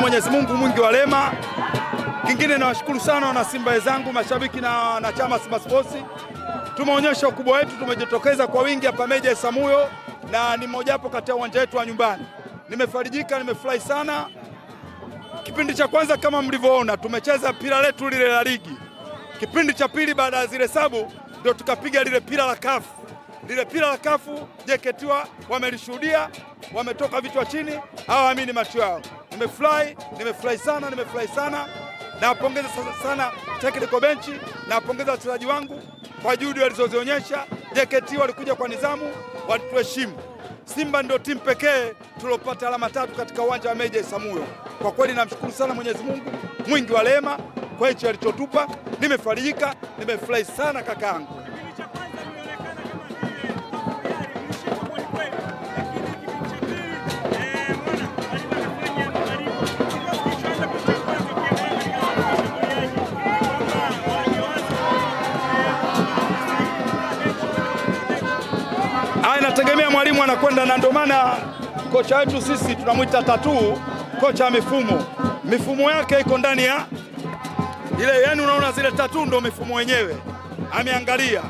ni Mwenyezi Mungu mwingi wa rehema. Kingine nawashukuru sana wana Simba wenzangu, mashabiki na wanachama Simba Sports. Tumeonyesha ukubwa wetu, tumejitokeza kwa wingi hapa Meja Isamuyo na ni wapo kati ya uwanja wetu wa nyumbani. Nimefarijika, nimefurahi sana. Kipindi cha kwanza kama mlivyoona, tumecheza pira letu lile la ligi. Kipindi cha pili baada ya zile sabu ndio tukapiga lile pira la kafu lile pira la kafu jeketiwa wamelishuhudia, wametoka vichwa chini, hawaamini macho yao nimefurahi, nimefurahi sana, nimefurahi sana. Nawapongeza sana technical bench, nawapongeza wachezaji wangu kwa juhudi walizozionyesha. JKT walikuja kwa nidhamu, watuheshimu. Simba ndio timu pekee tuliopata alama tatu katika uwanja wa Meja Isamuyo. Kwa kweli namshukuru sana Mwenyezi Mungu mwingi wa rehema kwa hichi alichotupa. Nimefarijika, nimefurahi sana yangu. tunategemea mwalimu anakwenda, na ndio maana kocha wetu sisi tunamwita tatuu, kocha ya mifumo. Mifumo yake iko ndani ya ile, yani unaona zile tatu ndio mifumo yenyewe Ameangalia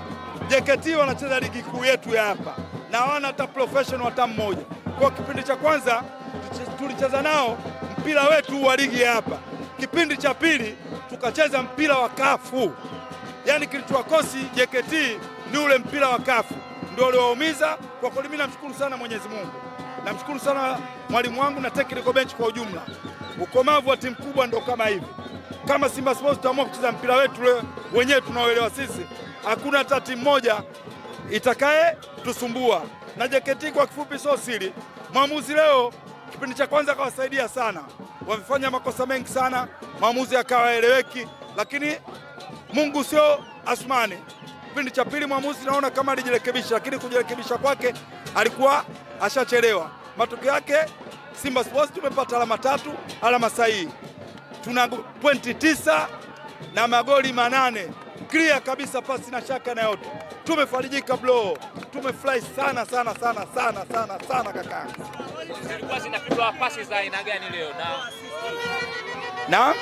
JKT wanacheza ligi kuu yetu ya hapa na wana hata professional hata mmoja. Kwa kipindi cha kwanza tulicheza nao mpira wetu wa ligi ya hapa, kipindi cha pili tukacheza mpira wa kafu. Yani kilichowakosi JKT ni ule mpira wa kafu ndio waliwaumiza. Kwa kweli, mimi namshukuru sana Mwenyezi Mungu, namshukuru sana mwalimu wangu na technical bench kwa ujumla. Ukomavu wa timu kubwa ndio kama hivi. Kama Simba Sports tutaamua kucheza mpira wetu wenyewe tunaoelewa sisi, hakuna hata timu moja itakaye tusumbua. Na JKT kwa kifupi, sio siri, mwamuzi leo kipindi cha kwanza akawasaidia sana, wamefanya makosa mengi sana, maamuzi yakawaeleweki, lakini Mungu sio Asmani. Kipindi cha pili mwamuzi naona kama alijirekebisha, lakini kujirekebisha kwake alikuwa ashachelewa. Matokeo yake Simba Sports tumepata alama tatu, alama sahihi, tuna pointi tisa na magoli manane, clear kabisa, pasi na shaka na yote. Tumefarijika bro, tumefurahi sana sana sana sana sana sana kaka. Zilikuwa zinapigwa pasi za aina gani leo na na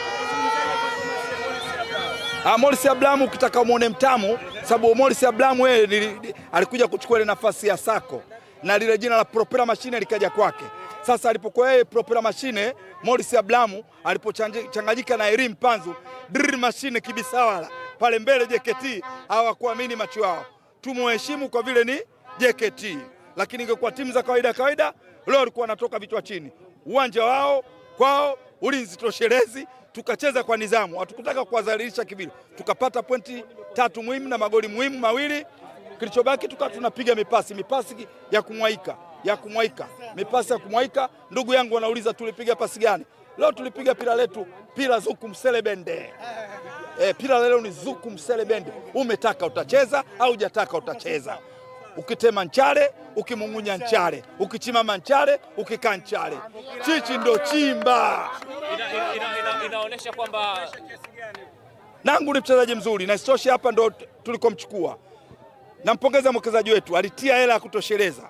Ah, Morris Abraham ukitaka umwone mtamu, sababu Morris Abraham yeye alikuja kuchukua ile nafasi ya Sako na lile jina la Propela Mashine likaja kwake. Sasa alipokuwa yeye Propela Mashine, Morris Abraham alipochanganyika na Elim Panzu Drill Mashine kibisawala pale mbele JKT, hawakuamini macho yao. Tumuheshimu kwa vile ni JKT, lakini ingekuwa timu za kawaida kawaida, leo alikuwa anatoka vichwa chini. Uwanja wao kwao, ulinzi toshelezi tukacheza kwa nidhamu, hatukutaka kuwadhalilisha kivile, tukapata pointi tatu muhimu na magoli muhimu mawili. Kilichobaki tukawa tunapiga mipasi, mipasi ya kumwaika ya kumwaika, mipasi ya kumwaika. Ndugu yangu wanauliza tulipiga pasi gani? Leo tulipiga pira letu, pira zuku mselebende. E, pira leo ni zuku mselebende. Umetaka utacheza au hujataka utacheza ukitema nchale, ukimung'unya nchale, ukichimama nchale, ukikaa nchale. Chichi ndo chimba. inaonesha kwamba Nangu ni mchezaji mzuri, na isitoshe hapa ndo tulikomchukua. Nampongeza mwekezaji wetu, alitia hela ya kutosheleza,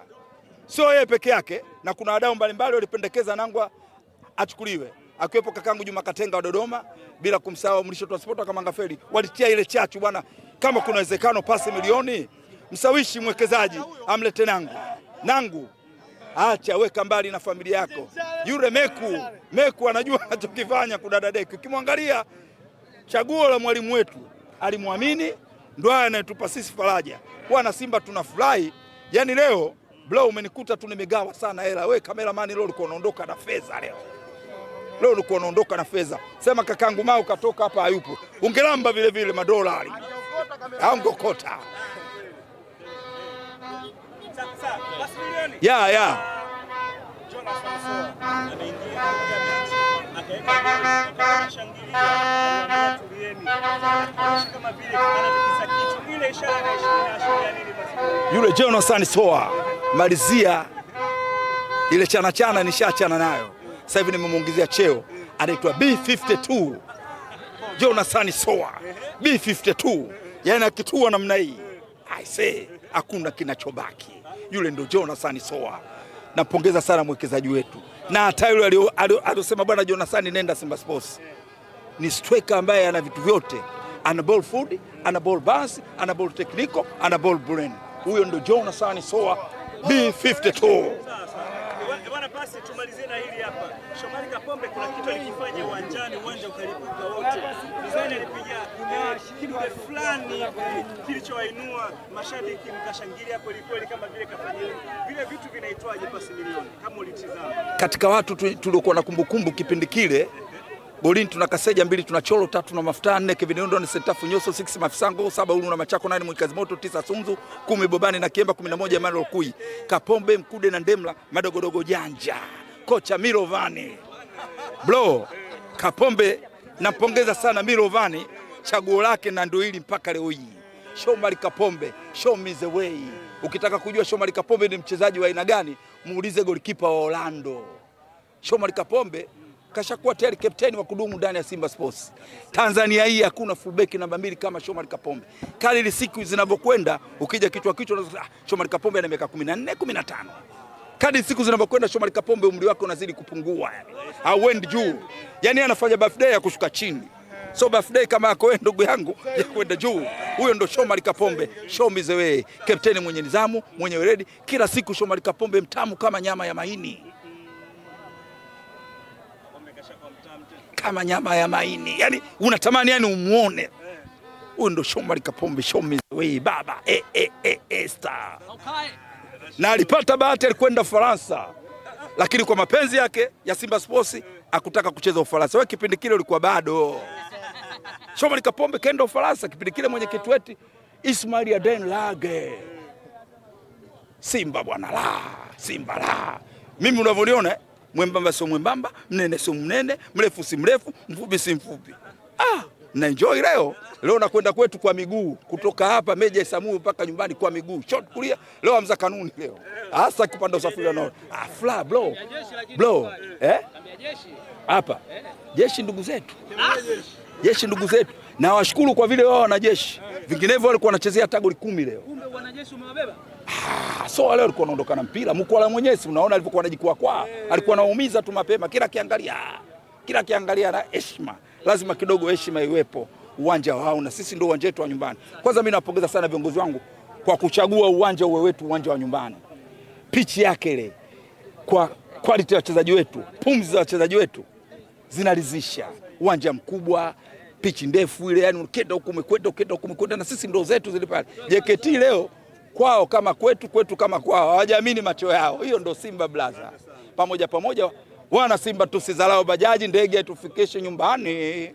sio yeye peke yake, na kuna wadau mbalimbali walipendekeza Nangu achukuliwe akiwepo kakangu Juma Katenga wa Dodoma, bila kumsahau mlisho transporta kama Ngafeli, Walitia ile chachu bwana, kama kuna uwezekano pasi milioni msawishi mwekezaji amlete nangu nangu, acha weka mbali na familia yako. Yule meku meku anajua anachokifanya kudadadeki. Ukimwangalia chaguo la mwalimu wetu alimwamini, ndo haya anayetupa sisi faraja. Wana Simba tunafurahi. Yani leo bro, umenikuta tu nimegawa sana hela. We kameramani, leo ulikuwa unaondoka na fedha leo leo ulikuwa unaondoka na fedha. Sema kakangu Mau katoka hapa, hayupo, ungelamba vile vile madola, au ya ya yule Jonathan Soa malizia ile chana chana, nishachana nayo sasa hivi, nimemwongezea cheo, anaitwa B52 Jonathan Soa B52, yaani akitua namna hii say hakuna kinachobaki yule ndo Jonathan Soa. Nampongeza sana mwekezaji wetu na hata yule aliosema bwana Jonathan, nenda Simba Sports. Ni striker ambaye ana vitu vyote, ana ball food, ana ball basi, ana ball technical, ana ball brain. Huyo ndo Jonathan Soa B52 basi tumalizie na hili hapa. Shomari Kapombe kuna kitu alikifanya uwanjani, uwanja ukalipuka wote. Mzani alipiga kidude fulani kilichowainua mashabiki mkashangilia kweli kweli, kama vile kafanya vile vitu vinaitwaje, pasi milioni, kama ulitizama katika watu tuliokuwa na kumbukumbu kipindi kile Golini tuna Kaseja mbili, tuna Cholo tatu, na Mafuta nne, Kevin Yondo ni Sentafu Nyoso, 6 Mafisango, saba Ulu na Machako, nane Mwikazi Moto, tisa Sunzu, kumi Bobani na Kiemba, 11 Emmanuel Kui, Kapombe Mkude na Ndemla, madogodogo janja. Kocha Mirovani Bro, Kapombe napongeza sana Mirovani chaguo lake na ndio hili mpaka leo hii. Shomari Kapombe, show me the way. Ukitaka kujua Shomari Kapombe ni mchezaji wa aina gani, muulize golikipa wa Orlando. Shomari Kapombe kashakuwa tayari kapteni wa kudumu ndani ya Simba Sports. Tanzania hii hakuna fullback namba mbili kama Shomari Kapombe. Kadri siku zinavyokwenda, ukija kichwa kichwa na ah, Shomari Kapombe ana miaka 14, 15. Kadri siku zinavyokwenda, Shomari Kapombe umri wake unazidi kupungua, yani hauendi juu, yani anafanya birthday ya kushuka chini. So birthday kama yako wewe ndugu yangu ya kwenda juu. Huyo ndo Shomari Kapombe, Show me the way, kapteni mwenye nidhamu, mwenye weledi, kila siku Shomari Kapombe mtamu kama nyama ya maini kama nyama ya maini, yani unatamani yani umuone huyu ndo Shomari Kapombe, show way baba e, e, e, e, Na alipata bahati alikwenda Ufaransa, lakini kwa mapenzi yake ya Simba Sports akutaka kucheza Ufaransa. Wewe kipindi kile ulikuwa bado Shomari Kapombe kaenda Ufaransa kipindi kile, mwenyekiti wetu Ismail Aden Lage Simba bwana la Simba la mimi unavyoniona mwembamba sio mwembamba, mnene sio mnene, mrefu si mrefu, mfupi si mfupi. Ah, na enjoy leo. Leo nakwenda kwetu kwa miguu kutoka hapa Meja Isamu mpaka nyumbani kwa miguu. Short kulia leo amza kanuni leo. Hasa kupanda usafiri na ah fla bro. Bro. Eh? Hapa. Jeshi ndugu zetu. Jeshi ndugu zetu. Na washukuru kwa vile wao wanajeshi. Vinginevyo walikuwa wanachezea tagoli kumi leo. Kumbe wanajeshi umewabeba? Ah, so wale walikuwa wanaondoka na mpira. Mkwala mwenyewe si unaona alivyokuwa anajikua kwa. Eh. Alikuwa anaumiza tu mapema kila kiangalia. Kila kiangalia na heshima. Lazima kidogo heshima iwepo. Uwanja wao na sisi ndio uwanja wetu wa nyumbani. Kwanza mimi napongeza sana viongozi wangu kwa kuchagua uwanja uwe wetu uwanja wa nyumbani. Pichi yake ile kwa quality ya wachezaji wetu, pumzi za wachezaji wetu zinalizisha. Uwanja mkubwa, pichi ndefu ile, yani ukenda huko umekwenda, ukenda huko umekwenda, na sisi ndio zetu zile pale. JKT leo kwao kama kwetu, kwetu kama kwao, hawajaamini macho yao. Hiyo ndo Simba blaza. Pamoja pamoja, wana Simba, tusizalao bajaji, ndege tufikishe nyumbani.